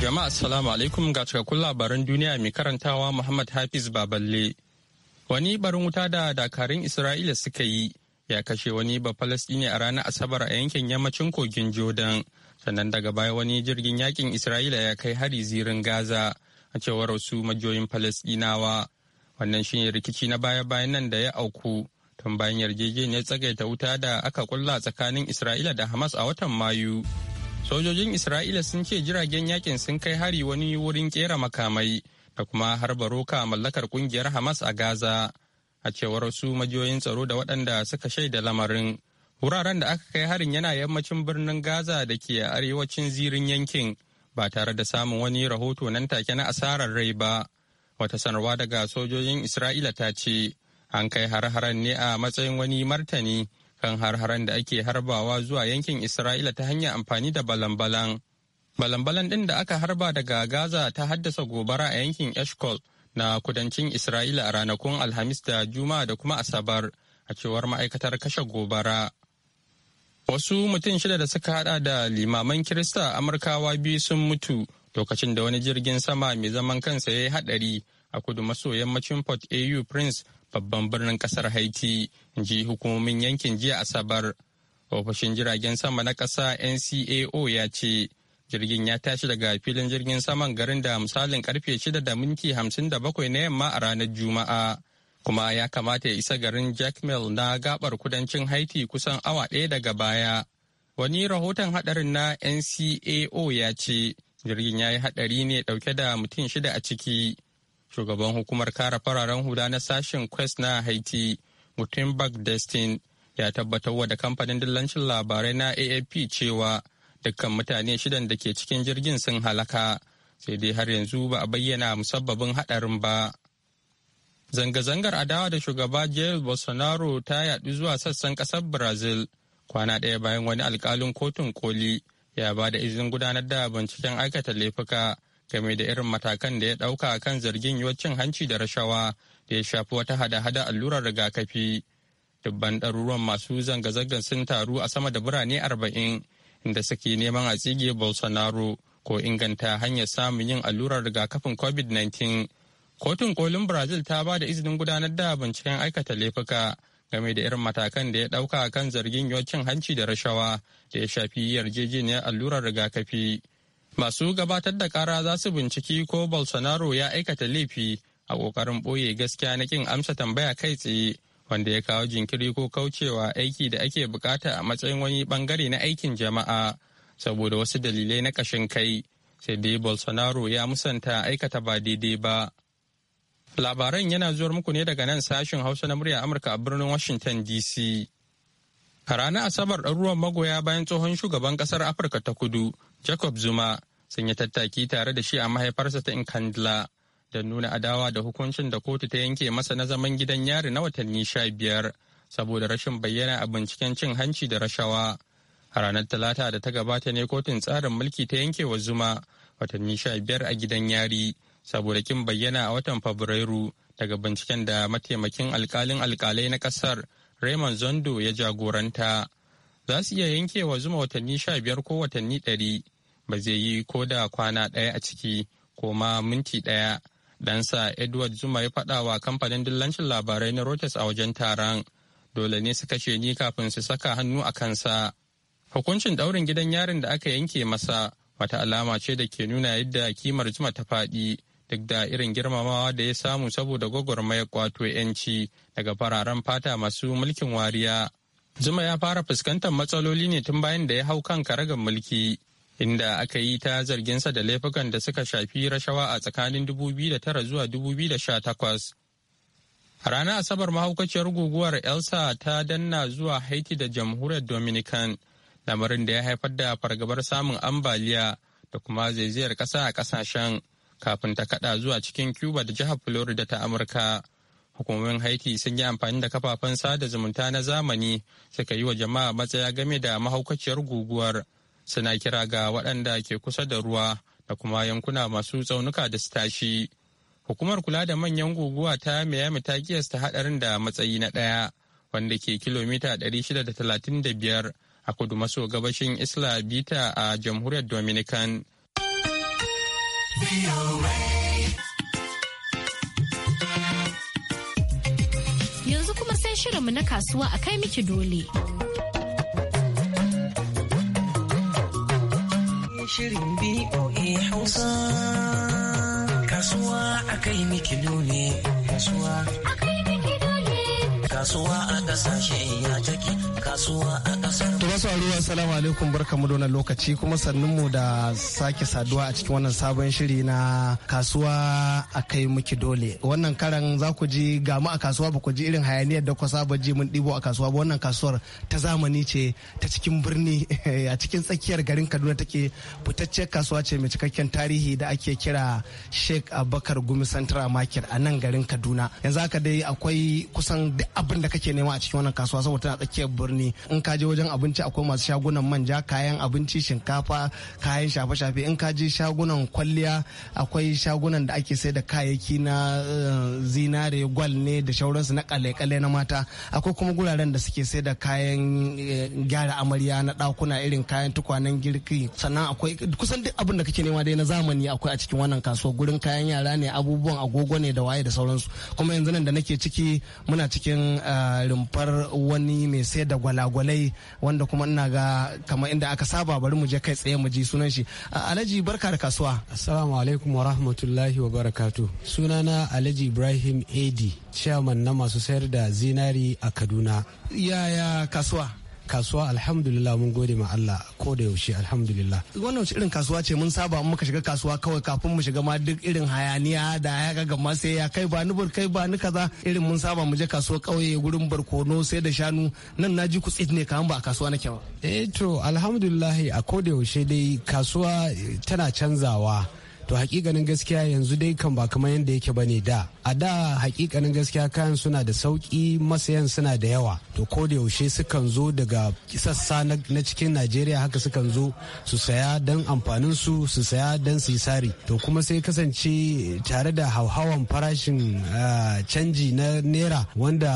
Jama'a assalamu alaikum ga cikakkun labaran duniya mai karantawa Muhammad Hafiz Baballe. Wani barin wuta da dakarun Isra'ila suka yi ya kashe wani ba Falasɗini a ranar Asabar a yankin yammacin kogin Jordan. Sannan daga baya wani jirgin yakin Isra'ila ya kai hari zirin Gaza a cewar wasu majiyoyin Falasɗinawa. Wannan shine rikici na baya-bayan nan da ya auku tun bayan yarjejeniyar tsagaita wuta da aka kulla tsakanin Isra'ila da Hamas a watan Mayu. Sojojin Isra'ila sun ce jiragen yakin sun kai hari wani wurin kera makamai da kuma harba roka mallakar kungiyar Hamas a Gaza. A cewar su majiyoyin tsaro da waɗanda suka shaida lamarin. Wuraren da aka kai harin yana yammacin birnin Gaza da ke arewacin zirin yankin ba tare da samun wani rahoto nan take na asarar rai ba. Wata sanarwa daga sojojin Isra'ila ta ce, an kai har-haren ne a matsayin wani martani kan har-haren da ake harbawa zuwa yankin Isra'ila ta hanyar amfani da balan-balan. balan ɗin da aka harba daga Gaza ta haddasa gobara a yankin Eshkol na kudancin Isra'ila a ranakun Alhamis da Juma'a da kuma Asabar, a cewar ma'aikatar kashe gobara. Wasu mutum shida da suka hada da limaman Kirista Amurkawa biyu sun mutu lokacin da wani jirgin sama mai zaman kansa ya yi haɗari a kudu maso yammacin Port AU Prince babban birnin kasar haiti ji hukumomin yankin jiya asabar ofishin jiragen sama na kasa ncao ya ce jirgin ya tashi daga filin jirgin saman garin da misalin karfe shida da minti 57 na yamma a ranar juma'a kuma ya kamata ya isa garin jackmel na gabar kudancin haiti kusan awa ɗaya daga baya wani rahoton hadarin na ncao ya ce jirgin ya yi hadari ne dauke da mutum shida a ciki shugaban hukumar kara fararen hula na sashen quest na haiti gutenberg destin ya tabbatar wa da kamfanin dillancin labarai na aap cewa dukkan mutane shidan da ke cikin jirgin sun halaka sai dai har yanzu ba a bayyana musabbabin hadarin ba zanga-zangar adawa da shugaba jair bolsonaro ta yaɗu zuwa sassan kasar brazil kwana ɗaya bayan wani alkalin kotun koli ya ba da izinin gudanar da binciken aikata laifuka game da irin matakan da ya ɗauka kan zargin yiwuwar cin hanci da rashawa da ya shafi wata hada-hada allurar rigakafi. Dubban ɗaruruwan masu zanga-zangar sun taru a sama da birane arba'in inda suke neman a tsige Bolsonaro ko inganta hanyar samun yin allurar rigakafin COVID-19. Kotun kolin Brazil ta ba da izinin gudanar da binciken aikata laifuka game da irin matakan da ya ɗauka kan zargin yiwuwar cin hanci da rashawa da ya shafi yarjejeniyar allurar rigakafi. Masu gabatar da kara za su binciki ko Bolsonaro ya aikata laifi a ƙoƙarin ɓoye gaskiya na kin amsa tambaya kai tsaye wanda ya kawo jinkiri ko kaucewa aiki da ake bukata a matsayin wani bangare na aikin jama'a saboda wasu dalilai na ƙashin kai sai dai Bolsonaro ya musanta aikata ba daidai ba. Labaran yana zuwar muku ne daga nan sashen Hausa na murya Amurka a birnin Washington DC. A ranar Asabar ɗaruruwan magoya bayan tsohon shugaban ƙasar Afirka ta Kudu Jacob Zuma sun yi tattaki tare da shi a mahaifarsa ta Inkandla da nuna adawa da hukuncin da kotu ta yanke masa na zaman gidan yari na watanni sha biyar saboda rashin bayyana a binciken cin hanci da rashawa. A ranar Talata da ta gabata ne kotun tsarin mulki ta yanke wa Zuma watanni sha biyar a gidan yari saboda kin bayyana a watan Fabrairu daga binciken da mataimakin alkalin alkalai na kasar Raymond Zondo ya jagoranta. Za su iya yanke wa Zuma watanni sha biyar ko watanni ɗari ba zai yi ko da kwana ɗaya a ciki ko ma minti ɗaya ɗansa edward zuma ya faɗa wa kamfanin dillancin labarai na reuters a wajen taron dole ne su kashe ni kafin su saka hannu a kansa hukuncin ɗaurin gidan yarin da aka yanke masa wata alama ce da ke nuna yadda kimar zuma ta faɗi duk da irin girmamawa da ya samu saboda gwagwarmayar kwato 'yanci daga fararen fata masu mulkin wariya. Zuma ya fara fuskantar matsaloli ne tun bayan da ya hau kan karagar mulki inda aka yi ta zarginsa da laifukan da suka shafi rashawa a tsakanin 2009 zuwa 2018. A ranar Asabar mahaukaciyar guguwar Elsa ta danna zuwa Haiti da jamhuriyar Dominican, lamarin da ya haifar da fargabar samun ambaliya da kuma zaizayar ƙasa a ƙasashen kafin ta kaɗa zuwa cikin Cuba da jihar Florida ta Amurka. Hukumomin Haiti sun yi amfani da kafafen sada zumunta na zamani suka yi wa jama'a matsaya game da mahaukaciyar guguwar. suna kira ga waɗanda ke kusa da ruwa da kuma yankuna masu tsaunuka da su tashi hukumar kula da manyan guguwa ta miami ta kiyasta haɗarin da matsayi na ɗaya wanda ke kilomita 635 a kudu maso gabashin isla bita a jamhuriyar dominican yanzu kuma sai shirinmu na kasuwa a kai miki dole. shirin BOA Hausa. Kasuwa a kai ne, kasuwa. kasuwa a kasashe ya take kasuwa a kasar alaikum barkamu da wannan lokaci kuma sannun mu da sake saduwa a cikin wannan sabon shiri na kasuwa a kai miki dole wannan karan za ku ji ga mu a kasuwa ba ku ji irin hayaniyar da ku ba ji mun dibo a kasuwa ba wannan kasuwar ta zamani ce ta cikin birni a cikin tsakiyar garin Kaduna take fitacciyar kasuwa ce mai cikakken tarihi da ake kira Sheikh Abubakar Gumi Central Market a nan garin Kaduna yanzu haka dai akwai kusan duk abin da kake nema a cikin wannan kasuwa saboda tana tsakiyar birni in ka je wajen abinci akwai masu shagunan manja kayan abinci shinkafa kayan shafe-shafe in ka je shagunan kwalliya akwai shagunan da ake sai da kayayyaki na eh, zinare gwal ne da shauransu na kale-kale na mata akwai kuma guraren da suke sai da kayan eh, gyara amarya na dakuna irin kayan tukwanen girki sannan akwai kusan duk abin da kake nema dai na zamani akwai a cikin wannan kasuwa gurin kayan yara ne abubuwan agogo ne da waye da sauransu kuma yanzu nan da nake ciki muna cikin a rumfar wani mai sayar da gwalagwalai wanda kuma ina ga kamar inda aka saba bari mu je kai tsaye mu ji sunan shi alhaji barka da kasuwa assalamu alaikum wa rahmatullahi wa barakatu sunana alhaji ibrahim ad chairman na masu sayar da zinari a kaduna yaya kasuwa kasuwa alhamdulillah mun gode ma Allah ko da yaushe alhamdulillah wannan wace irin kasuwa ce mun saba muka shiga kasuwa kawai kafin mu shiga ma duk irin hayaniya da ya ga ma sai ya kai ba ni bur kai ba kaza irin mun saba mu je kasuwa kauye gurin barkono sai da shanu nan naji kutsit ne kaman ba a kasuwa nake ba eh to alhamdulillah a ko da yaushe dai kasuwa tana canzawa to hakikanin gaskiya yanzu dai kan ba kamar yadda yake bane da a da hakikanin gaskiya kayan suna da sauki masayan suna da yawa to ko da yaushe sukan zo daga sassa na cikin najeriya haka sukan zo su saya don amfanin su su saya don su yi sari to kuma sai kasance tare da hauhawan farashin ah, canji na naira wanda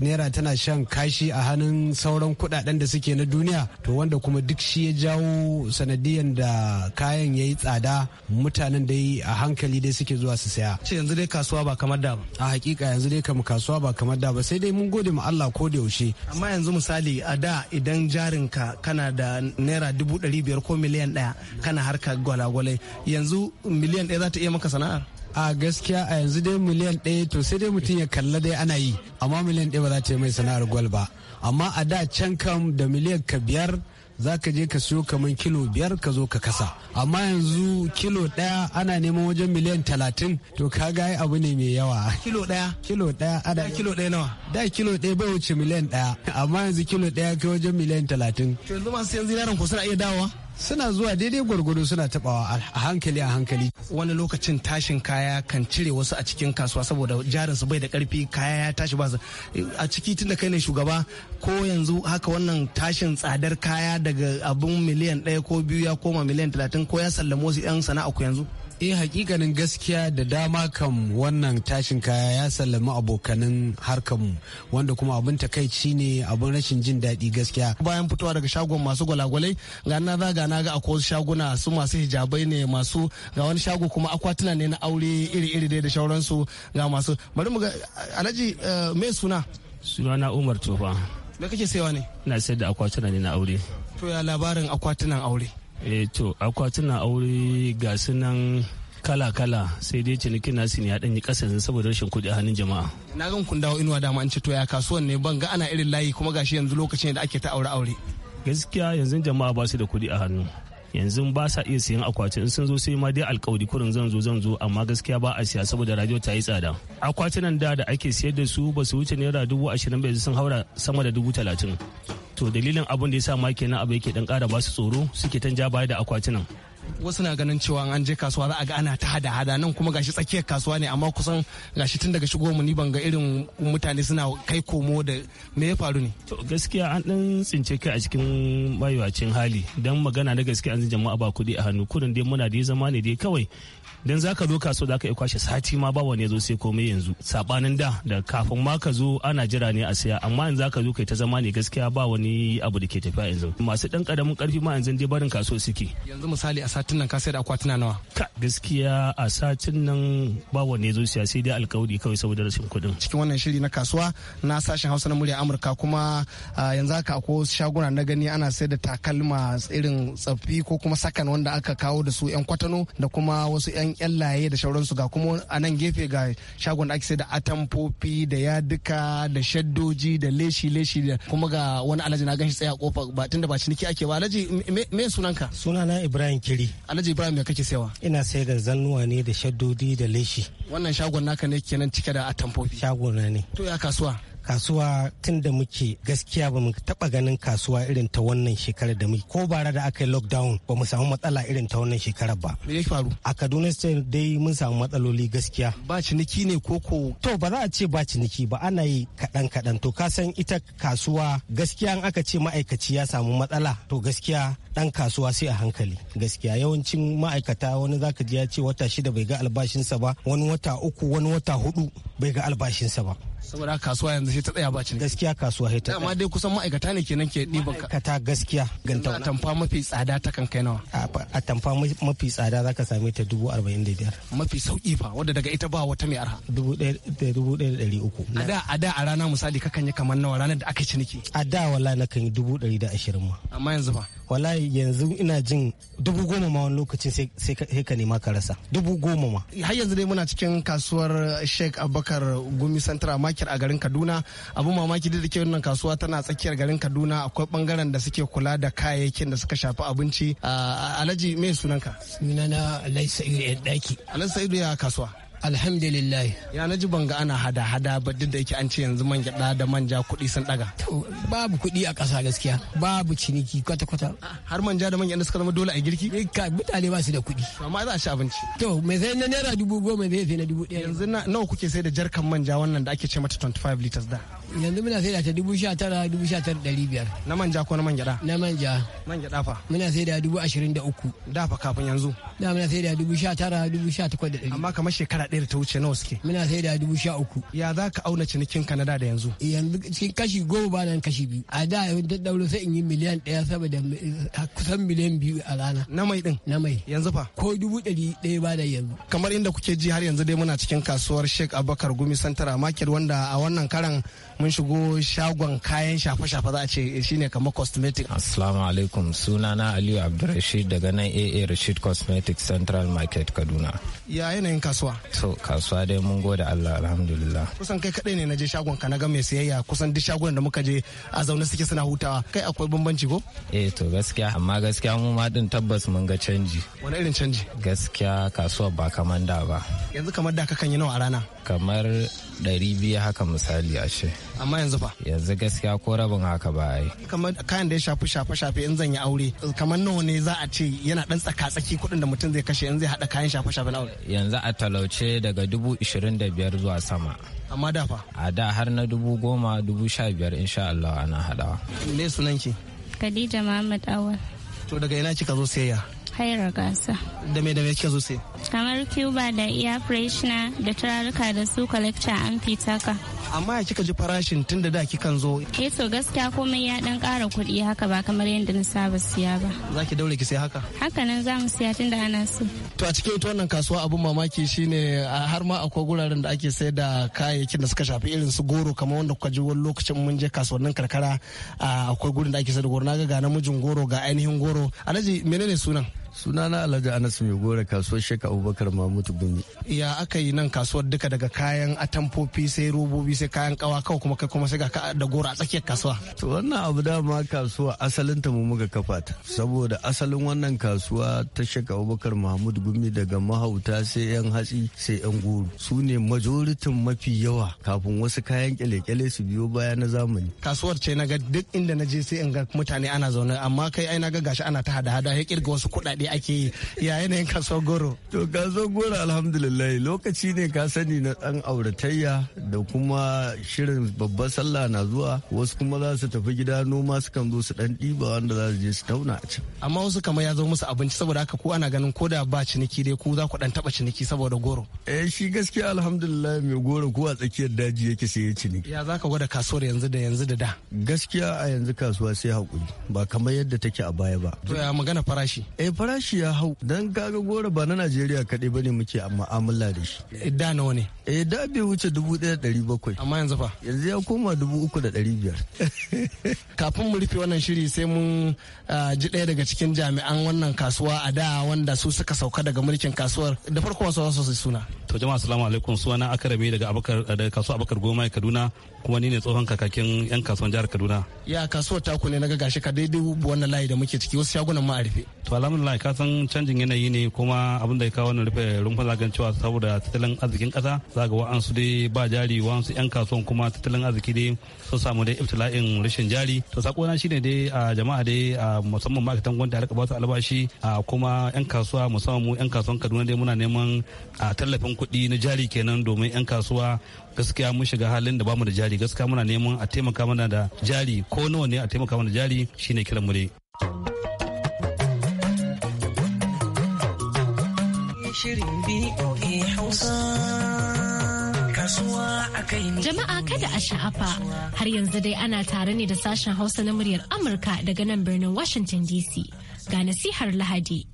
naira tana shan kashi a hannun sauran kudaden da suke na duniya to wanda kuma duk shi ya jawo sanadiyan da kayan ya yi tsada mutanen dai a hankali dai suke zuwa su saya yanzu dai kasuwa ba ba kamar da ba a hakika yanzu dai kam kasuwa ba kamar da ba sai dai mun gode ma Allah ko da yaushe amma yanzu misali a da idan jarinka kana da naira dubu ɗari biyar ko miliyan ɗaya kana harka gwalagwalai yanzu miliyan ɗaya za ta iya maka sana'ar a gaskiya a yanzu dai miliyan ɗaya to sai dai mutum ya kalla dai ana yi amma miliyan ɗaya ba za ta yi mai sana'ar gwal ba amma a da can kam da miliyan ka biyar za ka je ka siyo kamar kilo biyar ka zo ka kasa amma yanzu kilo daya ana neman wajen miliyan talatin to ka ga abu ne mai yawa kilo ɗaya kilo ɗaya ada kilo daya nawa da kilo ɗaya bai wuce miliyan daya amma yanzu kilo ɗaya kai wajen miliyan talatin to yanzu masu yanzu yaran ku suna iya dawowa suna zuwa daidai gwargwado suna tabawa a hankali a hankali wani lokacin tashin kaya kan cire wasu a cikin kasuwa saboda jarin su bai da karfi kaya ya tashi ba a ciki tunda kai ne shugaba ko yanzu haka wannan tashin tsadar kaya daga abun miliyan ɗaya ko biyu ya koma miliyan talatin ko ya sallamo su yan sana'a ku yanzu eh hakikanin gaskiya da dama kam wannan tashin kaya ya sallami abokanin harkarmu wanda kuma abin takaici ne abin rashin jin daɗi gaskiya bayan fitowa daga shagon masu gwalagwalai ga na zaga na ga akwai shaguna su masu hijabai ne masu ga wani shago kuma akwatuna ne na aure iri-iri dai da shauransu ga masu bari mu ga alhaji eh, me suna sunana umar tofa me kake sayawa ne ina sayar da akwatuna ne na aure to ya labarin akwatunan aure e to akwatuna aure ga sunan kala-kala sai dai ciniki nasu ne ya yi kasa yanzu saboda rashin kuɗi a hannun jama'a. Na gan kun dawo inuwa dama an ce to ya kasuwan ne ban ga ana irin layi kuma gashi yanzu lokacin da ake ta aure aure. Gaskiya yanzu jama'a ba su da kuɗi a hannu. Yanzu ba sa iya siyan akwati sun zo sai ma dai alkawari kurin zan zo zan zo amma gaskiya ba a siya saboda radio ta yi tsada. Akwatunan da da ake siyar da su ba su wuce naira dubu ashirin ba sun haura sama da dubu talatin. to dalilin abin da ya sa ma na abu yake dan kara ba su tsoro suke tan ja baya da akwatunan wasu na ganin cewa an je kasuwa za a ga ana ta hada-hada nan kuma gashi tsakiyar kasuwa ne amma kusan gashi tun daga shigo mu ni ban ga irin mutane suna kai komo da me ya faru ne to gaskiya an dan tsince kai a cikin mayuwacin hali dan magana na gaskiya an jama'a ba kudi a hannu kudin dai muna da zama ne dai kawai dan ka zo kasuwa zaka iya kwashe sati ma ba wani ya zo sai komai yanzu sabanin da da kafin ma ka zo ana jira ne a siya amma yanzu ka zo kai ta zama ne gaskiya ba wani abu da ke tafiya yanzu masu dan karamin karfi ma yanzu dai barin kasuwa suke yanzu misali a satin nan ka sai da akwatuna nawa ka gaskiya a satin nan ba wani ya zo siya sai dai alkawari kawai saboda rashin kuɗin cikin wannan shiri na kasuwa na sashen Hausa na murya Amurka kuma yanzu haka akwai shaguna na gani ana sai da takalma irin tsaffi ko kuma sakan wanda aka kawo da su yan kwatano da kuma wasu yan Yan laye da shauransu ga kuma a nan gefe ga shagon da ake sai da atamfofi da yaduka da shaddoji da leshi leshi da kuma ga wani alhaji na ganshi tsaya kofa ba tunda ba ciniki ake ba alhaji me sunanka sunana ibrahim kiri alhaji ibrahim me kake sayawa ina sayar da zannuwa ne da shaddodi da leshi wannan shagon naka ne kenan cike da atamfofi shagon ne to ya kasuwa kasuwa tun da muke gaskiya ba mu taba ganin kasuwa irin ta wannan shekarar da muke ko bara da aka yi lockdown ba mu samu matsala irin ta wannan shekarar ba me yake faru a Kaduna state dai mun samu matsaloli gaskiya ba ciniki ne ko ko to ba za a ce ba ciniki ba ana yi kaɗan kaɗan to ka san ita kasuwa gaskiya in aka ce ma'aikaci ya samu matsala to gaskiya dan kasuwa sai a hankali gaskiya yawancin ma'aikata wani zaka ji ya ce wata shida bai ga albashinsa ba wani wata uku wani wata hudu bai ga albashinsa ba saboda kasuwa yanzu sai ta tsaya ba ci gaskiya kasuwa sai ta amma dai kusan ma'aikata ne kenan ke ɗiban ka ta gaskiya ganta tamfa mafi tsada ta kan kai nawa a tamfa mafi tsada zaka same ta dubu arba'in da biyar mafi sauki fa wadda daga ita ba wata mai arha dubu ɗaya da dubu ɗaya da ɗari uku a da a da a rana misali kakan yi kamar nawa ranar da aka ciniki a da wallahi na kan yi dubu ɗari da ashirin ma amma yanzu fa wallahi yanzu ina jin dubu goma ma wani lokaci sai ka nema ka rasa dubu goma ma har yanzu dai muna cikin kasuwar sheik abubakar gumi central market a garin kaduna abu mamaki da ke wannan kasuwa tana tsakiyar garin kaduna akwai bangaren da suke kula da kayayyakin da suka shafi abinci ah, alhaji me sunanka sunana alhaji sa'idu ya daki alhaji sa'idu ya kasuwa alhamdulillah ya naji ban ga ana hada hada ba duk da yake an ce yanzu man gyada da manja kuɗi sun daga to babu kuɗi a ƙasa gaskiya babu ciniki kwata kwata ah, har manja da gyada suka zama dole a girki eh, ka mutane ba su da kuɗi amma za a ci abinci to me sai na naira dubu goma me sai na dubu ɗaya yanzu nawa kuke sai da jarkan manja wannan da ake ce mata 25 liters da yanzu muna sai da ta dubu sha tara dubu sha tara ɗari biyar. Na manja ko na mangyada? Na manja. Mangyada fa? Muna sai da dubu ashirin da uku. Da fa kafin yanzu? Da muna sai da dubu sha tara dubu sha takwas da ɗari. Amma kamar shekara ɗaya da ta wuce nawa suke? Muna sai da dubu sha uku. Ya za ka auna cinikin ka na da da yanzu? Yanzu cikin kashi goma ba nan kashi biyu. A da yau da ɗauro sai in yi miliyan ɗaya saboda kusan miliyan biyu a rana. Na mai ɗin? Na mai. Yanzu fa? Ko dubu ɗari ɗaya ba da yanzu. Kamar inda kuke ji har yanzu dai muna cikin kasuwar Sheikh Abubakar Gumi Santara Market wanda a wannan karan mun shigo shagon kayan shafe-shafe za a ce eh, shine kamar cosmetic assalamu alaikum sunana aliyu abdulrashid daga nan aa rashid cosmetic central market kaduna ya yanayin kasuwa To kasuwa dai mun gode allah alhamdulillah kusan kai kadai ne na je shagon ka na ga mai siyayya kusan duk shagon da muka je a zaune suke suna hutawa kai akwai bambanci ko eh to gaskiya amma gaskiya mu ma din tabbas mun ga canji wani irin canji gaskiya kasuwa ba kamar da ba yanzu kamar da ka kan yi nawa a rana kamar ɗari biyu haka misali a ce. Amma yanzu fa? Yanzu gaskiya ko rabin haka ba ai. Kamar kayan da ya shafi shafe-shafe in zan yi aure kamar nawa ne za a ce yana ɗan tsaka-tsaki kuɗin da mutum zai kashe in zai haɗa kayan shafe-shafe na aure. Yanzu a talauce daga dubu ishirin da biyar zuwa sama. Amma da fa? A da har na dubu goma dubu sha biyar insha Allah ana haɗawa. Me sunan ki? Khadija Muhammad Awal. To daga ina kika zo sayayya? haira gasa. Da me da me kika zo Kamar Cuba da air Freshna da turaruka da su collector an fitaka. Amma ya kika ji farashin tun da da kikan zo? Eh to gaskiya komai ya dan ƙara kuɗi haka ba kamar yadda na saba siya ba. Za ki daure ki sai haka? Haka nan za mu siya tun da ana so. To a cikin ita wannan kasuwa abun mamaki shine har ma akwai guraren da ake sayar da kayayyakin da suka shafi irin su goro kamar wanda kuka ji wani lokacin mun je kasuwannin karkara akwai gurin da ake sayar da goro na ga ga namijin goro ga ainihin goro. Alhaji menene sunan? sunana alhaji anas mai gora kasuwar shek abubakar mamutu gumi ya aka yi nan kasuwar duka daga kayan atamfofi sai robobi sai kayan kawa kawai kuma kai kuma sai ga da gora a tsakiyar kasuwa to wannan abu da ma kasuwa asalin ta mu muka kafa ta saboda asalin wannan kasuwa ta shek abubakar mahmud gumi daga mahauta sai yan hatsi sai yan goro su ne majoritin mafi yawa kafin wasu kayan kyale-kyale su biyo baya na zamani kasuwar ce na ga duk inda na je sai in ga mutane ana zaune amma kai ai na ga gashi ana ta hada-hada ya kirga wasu kuɗaɗe daɗe ake yi ya yanayin kaso goro to kaso goro alhamdulillah lokaci ne ka sani na ɗan auratayya da kuma shirin babbar sallah na zuwa wasu kuma za su tafi gida noma sukan zo su ɗan ɗiba wanda za su je su tauna a can amma wasu kamar ya zo musu abinci saboda haka ko ana ganin ko da ba ciniki dai ku za ku ɗan taɓa ciniki saboda goro eh shi gaskiya alhamdulillah mai goro ko a tsakiyar daji yake sai ya ciniki ya za ka gwada kasuwar yanzu da yanzu da da gaskiya a yanzu kasuwa sai haƙuri ba kamar yadda take a baya ba to ya magana farashi eh farashi farashi ya hau dan kaga goro ba na najeriya kaɗai ba ne muke mu'amala da shi eh, da nawa ne eh da bai wuce dubu ɗaya ɗari bakwai amma yanzu fa yanzu ya koma dubu uku da ɗari biyar kafin mu rufe wannan shiri sai mun ah, ji ɗaya daga cikin jami'an wannan kasuwa a da wanda su suka sauka daga mulkin kasuwar da farko wasu wasu su suna to jama'a assalamu alaikum suna akarami daga abakar daga kasuwa abakar goma kaduna kuma ni ne tsohon kakakin yan kasuwan jihar kaduna ya kasuwar taku ne na ga gashi ka daidai wannan layi da muke ciki wasu shagunan ma a rufe to alhamdulillah ka san canjin yanayi ne kuma abin da ya kawo wannan rufe rumfa zagan cewa saboda tattalin arzikin kasa za ga wa'ansu dai ba jari wa'ansu yan kasuwan kuma tattalin arziki dai sun samu dai ibtila'in rashin jari to sako na shine dai a jama'a dai a musamman ma'aikatan gwamnati a rika ba su albashi a kuma yan kasuwa musamman mu yan kasuwan Kaduna dai muna neman a tallafin kuɗi na jari kenan domin yan kasuwa gaskiya mun shiga halin da bamu da jari gaskiya muna neman a taimaka mana da jari ko nawa ne a taimaka mana da jari shine kiran mu dai. Jama'a kada a sha'afa har yanzu dai ana tare ne da sashen Hausa na muryar Amurka daga nan birnin Washington DC. Ga nasihar Lahadi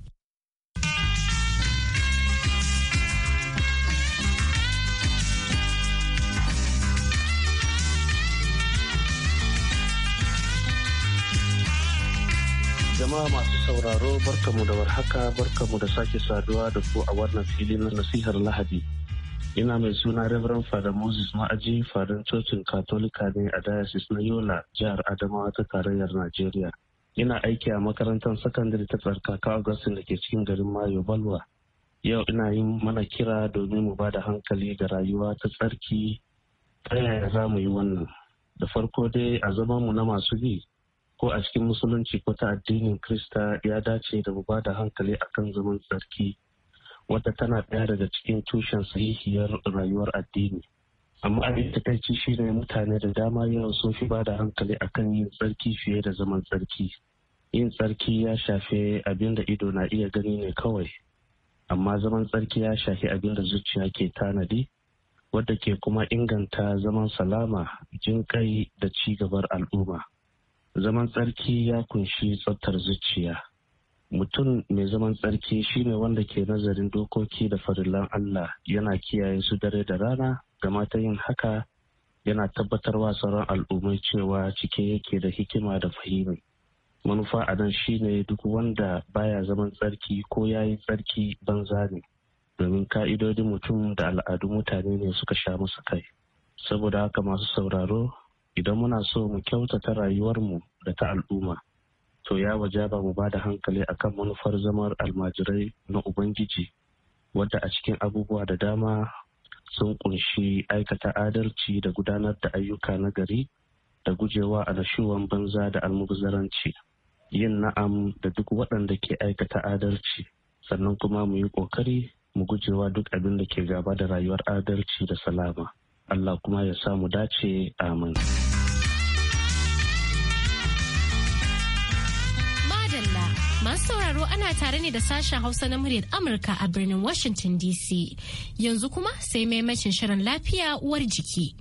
Jama'a masu sauraro barka mu da warhaka mu da sake saduwa da ku a wannan fili na nasihar Lahadi. Ina mai suna Reverend Father Moses Ma'aji Fadin Cocin Katolika ne a Diocese na Yola, jihar Adamawa ta tarayyar Najeriya. Ina aiki a makarantar sakandare ta tsarkaka Augustin da ke cikin garin Mayo Balwa. Yau ina yi mana kira domin mu ba da hankali ga rayuwa ta tsarki ta yaya za mu yi wannan. Da farko dai a zaman mu na masu bi ko a cikin musulunci ko ta addinin krista ya dace da mu ba da hankali akan zaman tsarki wadda tana ɗaya daga cikin tushen sahihiyar rayuwar addini amma abin takaici shi ne mutane da dama yawan sun fi ba da hankali akan yin tsarki fiye da zaman tsarki yin tsarki ya shafe abin da ido na iya gani ne kawai amma zaman tsarki ya shafi abin da zuciya ke tanadi wadda ke kuma inganta zaman salama jin kai da ci gabar al'umma zaman tsarki ya kunshi tsaftar zuciya mutum mai zaman tsarki shine wanda ke nazarin dokoki da farillan allah yana kiyaye su dare da rana gama ta yin haka yana tabbatar wa sauran al'ummai cewa cike yake da hikima da fahimi manufa a nan shine duk wanda baya zaman tsarki ko ya yi tsarki banza ne domin ka'idodin mutum da al'adun mutane ne suka sha musu kai saboda haka masu sauraro idan muna so mu kyautata rayuwarmu da ta al'umma to ya waje ba mu bada da hankali akan manufar zamar almajirai na ubangiji wadda a cikin abubuwa da dama sun kunshi aikata adalci da gudanar da ayyuka na gari da gujewa alashuwan banza da almubazaranci yin na'am da duk waɗanda ke aikata adalci sannan kuma mu yi ƙoƙari mu gujewa duk abin da ke gaba da rayuwar adalci da salama Allah kuma ya samu dace amin. Madalla masu sauraro ana tare ne da sashen Hausa na muryar Amurka a birnin Washington DC. Yanzu kuma sai maimacin shirin lafiya uwar jiki.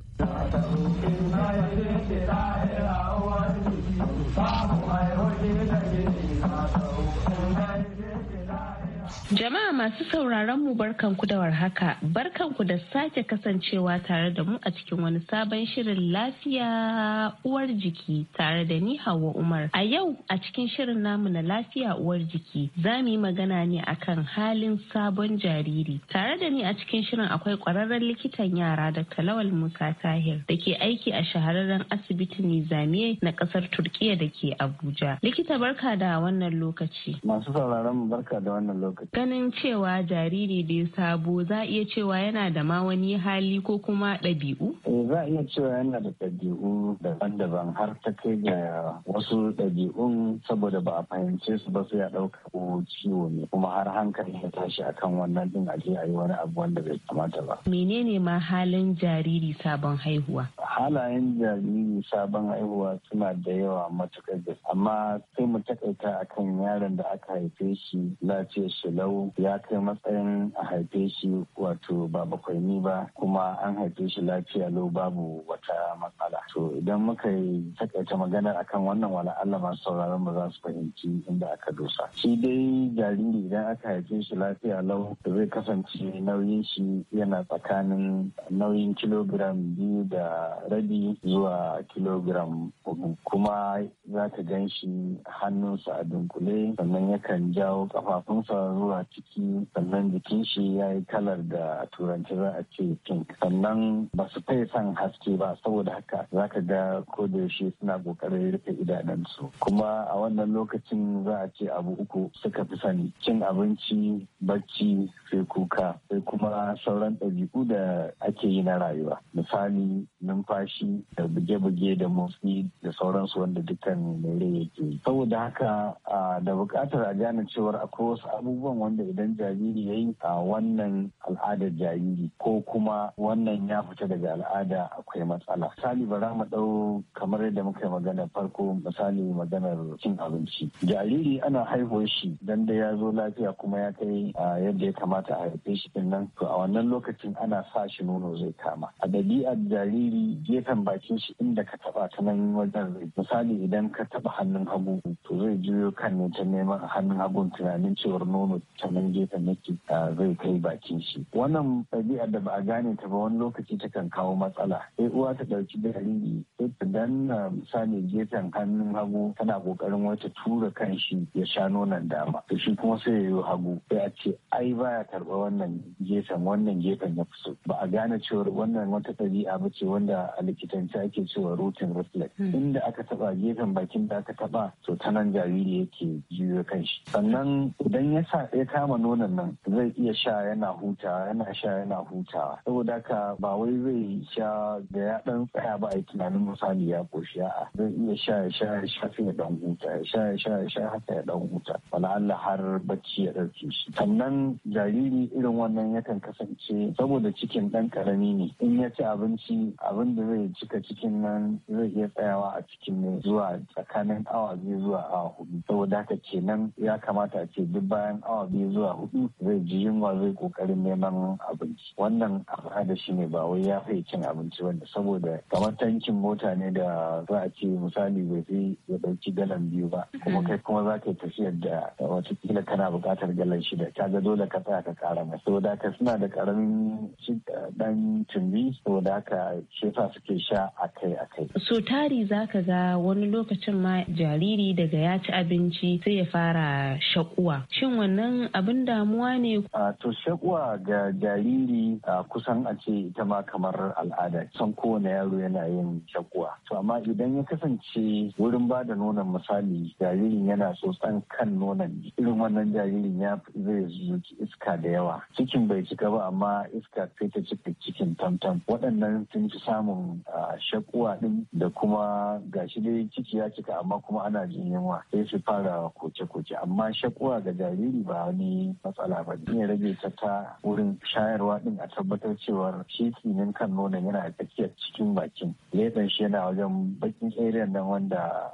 Jama'a masu sauraron mu barkan barkanku da warhaka, ku da sake kasancewa tare da mu a cikin wani sabon shirin lafiya uwar jiki tare da ni Hauwa Umar. A yau a cikin shirin namu na lafiya uwar jiki za mu yi magana ne akan halin sabon jariri. Tare da ni a cikin shirin akwai kwararren likitan yara da Lawal Musa Tahir da ke aiki a shahararren asibitin Nizamiye na kasar Turkiya da ke Abuja. Likita barka da wannan lokaci. Masu sauraron mu barka da wannan lokaci. ganin cewa jariri bai sabo za iya cewa yana da ma wani hali ko kuma ɗabi'u? Eh, za iya cewa yana da ɗabi'u daban-daban har ta kai ga wasu ɗabi'un saboda ba a fahimce su ba sai ya ɗauka ko ciwo ne kuma har hankali ya tashi akan wannan din aje a yi wani abu wanda bai kamata ba. menene ma halin jariri sabon haihuwa? halayen jariri sabon haihuwa suna da yawa matuƙar amma sai mu takaita akan yaron da aka haife shi lafiya shi lau ya kai matsayin a haife shi wato ba bakwaini ba kuma an haife shi lafiya lau babu wata matsala to idan muka yi takaita maganar akan wannan wala Allah masu sauraron ba za su fahimci inda aka dosa shi dai jariri idan aka haife shi lafiya lau da zai kasance nauyin shi yana tsakanin nauyin kilogiram biyu da rabi zuwa kilogiram hudu kuma za ka gan shi hannunsa a dunkule sannan yakan jawo kafafunsa zuwa ciki sannan jikin shi ya yi kalar da turanci za a ce pink sannan ba su fai son haske ba saboda haka za ka ga ko da yaushe suna kokarin rufe su kuma a wannan lokacin za a ce abu uku suka fi sani cin abinci bacci sai kuka sai kuma sauran ɗabi'u da ake yi na rayuwa misali numfashi da buge-buge da motsi da sauransu wanda dukkan mere yake saboda haka da buƙatar a gane cewar akwai wasu abubuwan da idan jariri ya yi a wannan al'adar jariri ko kuma wannan ya fita daga al'ada akwai matsala misali ba za mu ɗau kamar yadda muka yi magana farko misali maganar cin abinci jariri ana haihuwar shi dan da ya zo lafiya kuma ya kai yadda ya kamata a haife shi din nan to a wannan lokacin ana sa shi nono zai kama a ɗabi'ar jariri gefen bakin shi inda ka taɓa ta nan wajen misali idan ka taɓa hannun hagu to zai juyo kan ne ta neman hannun hagun tunanin cewar nono ta sanan gefen nake zai kai bakin shi wannan ɗabi'a da ba a gane ta ba wani lokaci ta kan kawo matsala sai uwa ta ɗauki jariri sai ta danna misali gefen hannun hagu tana ƙoƙarin wata tura kan shi ya sha nonon dama to shi kuma sai ya yi hagu sai a ce ai baya karɓa wannan gefen wannan gefen ya fi so ba a gane cewar wannan wata ɗabi'a ba ce wanda a likitance ake cewa rutin reflex hmm. inda aka taɓa gefen bakin da aka taɓa to ta jariri yake jiyo kan shi sannan idan ya sa ya kama nonon nan zai iya sha yana huta yana sha yana huta saboda haka ba wai zai sha da ya dan tsaya ba a tunanin misali ya koshi a'a zai iya sha ya sha ya sha sai ya dan huta ya sha ya sha ya sha haka ya dan huta wala Allah har bacci ya dauke shi sannan jariri irin wannan yakan kasance saboda cikin dan karami ne in ya ci abinci abin da zai cika cikin nan zai iya tsayawa a cikin ne zuwa tsakanin awa biyu zuwa awa hudu saboda haka kenan ya kamata a ce duk bayan awa biyu zuwa hudu zai ji yunwa zai kokarin neman abinci wannan a da shi ne ba wai ya fi cin abinci wanda saboda kamar tankin mota ne da za a ce misali bai fi ya dauki galan biyu ba kuma kai kuma za ka yi tafiyar da kila kana buƙatar galan shida ka ga dole ka tsaya ka kara mai saboda ka suna da karamin dan tumbi saboda ka shi suke sha akai akai. so tari za ka ga wani lokacin ma jariri daga ya ci abinci sai ya fara shakuwa shin wannan abin damuwa ne? To shakuwa ga jariri kusan a ce ita ma kamar al'ada son kowane yaro yana yin shakuwa. To amma idan ya kasance wurin ba da nonon misali jaririn yana tsan kan nonon Irin wannan jaririn ya zai zuci iska da yawa. Cikin bai cika ba amma iska sai ta cika cikin tamtam. Waɗannan sun fi samun shakwa ɗin da kuma gashi dai ciki ya cika amma kuma ana jin yunwa sai su fara koce-koce amma shakuwa ga jariri ba wani matsala ba ne rage ta ta wurin shayarwa din a tabbatar cewar shi tsinin kan nonon yana a tsakiyar cikin bakin leɓen shi yana wajen bakin area nan wanda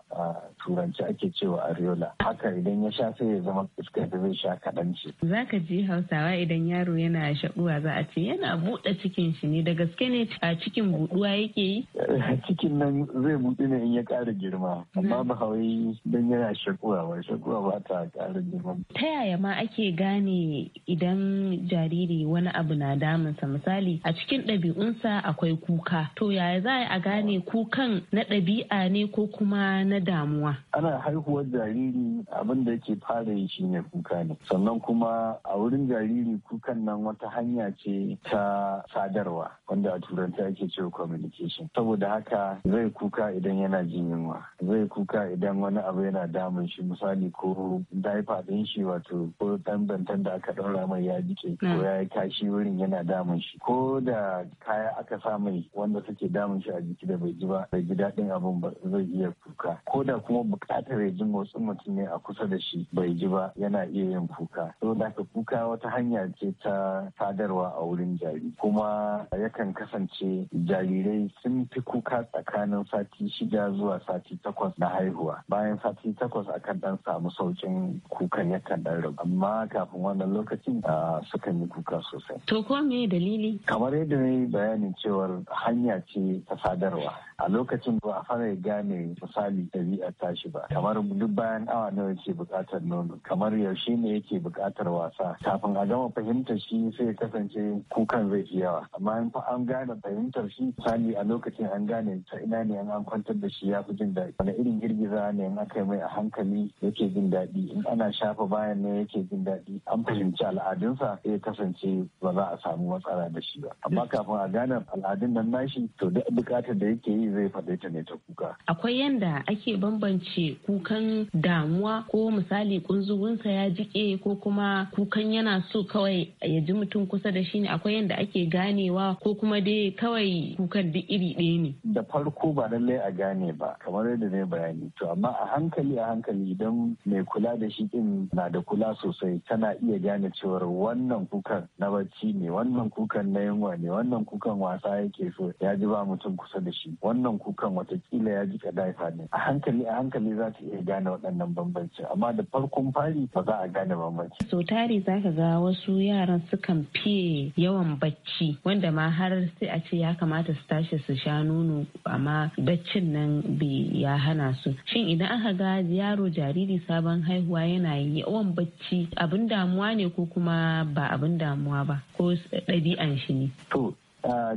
turanci ake cewa areola haka idan ya sha sai ya zama fuskar da zai sha kaɗan ce. za ka ji hausawa idan yaro yana shaɗuwa za a ce yana buɗe cikin shi ne da gaske ne a cikin buɗuwa yake yi. cikin nan zai buɗe ne in ya ƙara girma amma ba hawai don yana shaƙuwa ba shaƙuwa ba ta ƙara girma. ta yaya ma ake ake gane idan jariri wani abu na damunsa misali a cikin ɗabi'unsa akwai kuka to yaya za a gane kukan na ɗabi'a ne ko kuma na damuwa ana haihuwar jariri abin da yake fara yi shine kuka ne sannan kuma a wurin jariri kukan nan wata hanya ce ta sadarwa wanda a turanta ake cewa communication saboda haka zai kuka idan yana jin yunwa zai kuka idan wani abu yana damun shi misali ko daifa ɗin shi wato ko dan da aka ɗaura mai ya jike ko hmm. ya yi kashi wurin yana damun shi ko da kaya aka sa mai wanda suke damun shi a jiki da bai ji ba bai ji daɗin abin ba zai iya kuka ko da kuma buƙatar ya ji motsin mutum ne a kusa da shi bai ji ba yana iya yin kuka da ka kuka wata hanya ce ta sadarwa a wurin jariri kuma yakan kasance jarirai sun fi kuka tsakanin sati shida zuwa sati takwas na haihuwa bayan sati takwas akan dan samu saukin kukan yakan dan rabu amma kafin wannan lokacin sukan yi kuka sosai. To ko me dalili? Kamar yadda na yi bayanin cewar hanya ce ta sadarwa. A lokacin ba a fara gane misali da ta tashi ba. Kamar duk bayan awa nawa yake buƙatar nono. Kamar yaushe ne yake buƙatar wasa. Kafin a gama fahimtar shi sai kasance kukan zai fi yawa. Amma in fa an gane fahimtar shi misali a lokacin an gane ta ina ne an kwantar da shi ya fi jin daɗi. Wani irin girgiza ne in aka yi mai a hankali yake jin daɗi. In ana shafa bayan ne yake jin daɗi an fahimci al'adunsa ya kasance ba za a samu matsala da shi ba amma kafin a gane al'adun nan nashi to duk bukatar da yake yi zai faɗe ta ne ta kuka akwai yanda ake bambance kukan damuwa ko misali kunzugunsa ya jike ko kuma kukan yana so kawai ya ji mutum kusa da shi ne akwai yanda ake ganewa ko kuma dai kawai kukan duk iri ɗaya ne da farko ba lallai a gane ba kamar yadda ne bayani to amma a hankali a hankali idan mai kula da shi din na da kula sosai tana iya gane cewar wannan kukan na bacci ne wannan kukan na yunwa ne wannan kukan wasa yake so ya ji ba mutum kusa da shi wannan kukan watakila ya ji kadaifa ne a hankali a hankali za ta iya gane waɗannan bambanci amma da farkon fari ba za a gane bambanci. so tari za ka ga wasu yaran sukan fiye yawan bacci wanda ma har sai a ce ya kamata su tashi su sha nono amma baccin nan bai ya hana su shin idan aka ga yaro jariri sabon haihuwa yana yawan bacci abin damuwa ne ko kuma ba abin damuwa ba ko ɗabi'an shi ne. To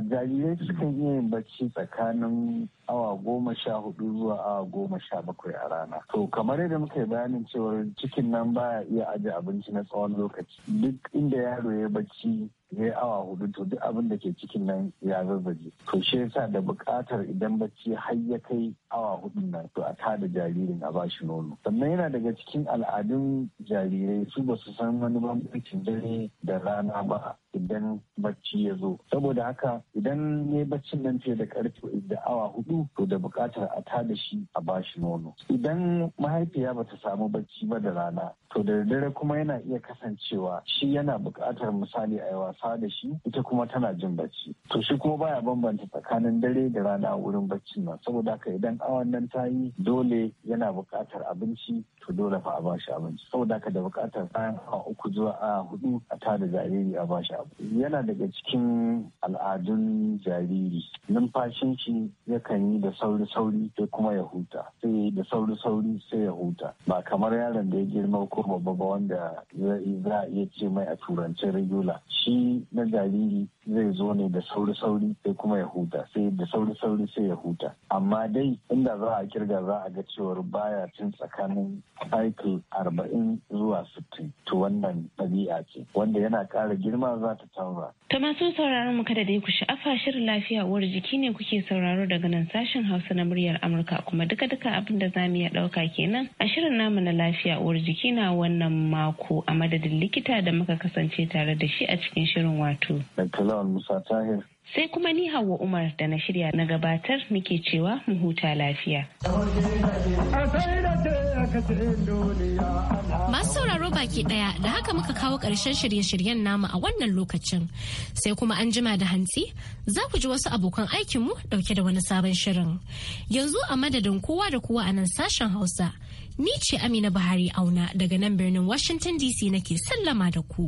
jarirai sukan iya yin bacci tsakanin awa goma sha hudu zuwa awa goma sha bakwai a rana. To kamar yadda muka yi bayanin cewar cikin nan baya iya ajiye abinci na tsawon lokaci. Duk inda yaro ya bacci ya yi awa hudu to duk abin da ke cikin nan ya zazzaje. To shi yasa da buƙatar idan bacci har ya kai awa hudu na to a tada jaririn a bashi nono sannan yana daga cikin al'adun jarirai su ba su san wani bambancin dare da rana ba idan bacci ya zo saboda haka idan ne baccin nan fiye da karfe da awa hudu to da bukatar a tada shi a bashi nono idan mahaifiya ba ta samu bacci ba da rana to da dare kuma yana iya kasancewa shi yana bukatar misali a yi wasa da shi ita kuma tana jin bacci to shi kuma baya bambanta tsakanin dare da rana wurin baccin nan saboda haka idan bayan awan nan ta yi dole yana buƙatar abinci to dole fa a ba shi abinci saboda ka da buƙatar bayan awa uku zuwa a hudu a ta da jariri a ba shi abinci yana daga cikin al'adun jariri numfashin shi yakan yi da sauri-sauri sai kuma ya huta sai da sauri-sauri sai ya huta ba kamar yaron da ya girma ko babba ba wanda za a iya ce mai a turance regula shi na jariri zai zo ne da sauri-sauri sai kuma ya huta sai da sauri-sauri sai ya huta amma dai inda za a kirga za a ga cewar baya cin tsakanin cycle arba'in zuwa sittin to wannan ɗabi'a ce wanda yana ƙara girma za ta canza. ta masu sauraron mu kada dai ku sha'afa shirin lafiya uwar jiki ne kuke sauraro daga nan sashen hausa na muryar amurka kuma duka duka abin da zamu iya ɗauka kenan a shirin namu na lafiya uwar jiki na wannan mako a madadin likita da muka kasance tare da shi a cikin shirin wato. Dr. Musa Tahir. sai kuma ni hawa umar da na shirya na gabatar muke cewa mu huta lafiya masu sauraro baki daya da haka muka kawo karshen shirye-shiryen namu a wannan lokacin sai kuma an jima da hantsi za ku ji wasu abokan aikinmu dauke da wani sabon shirin yanzu a madadin kowa da kowa a nan sashen hausa ni ce amina buhari auna daga nan birnin washington dc nake sallama da ku.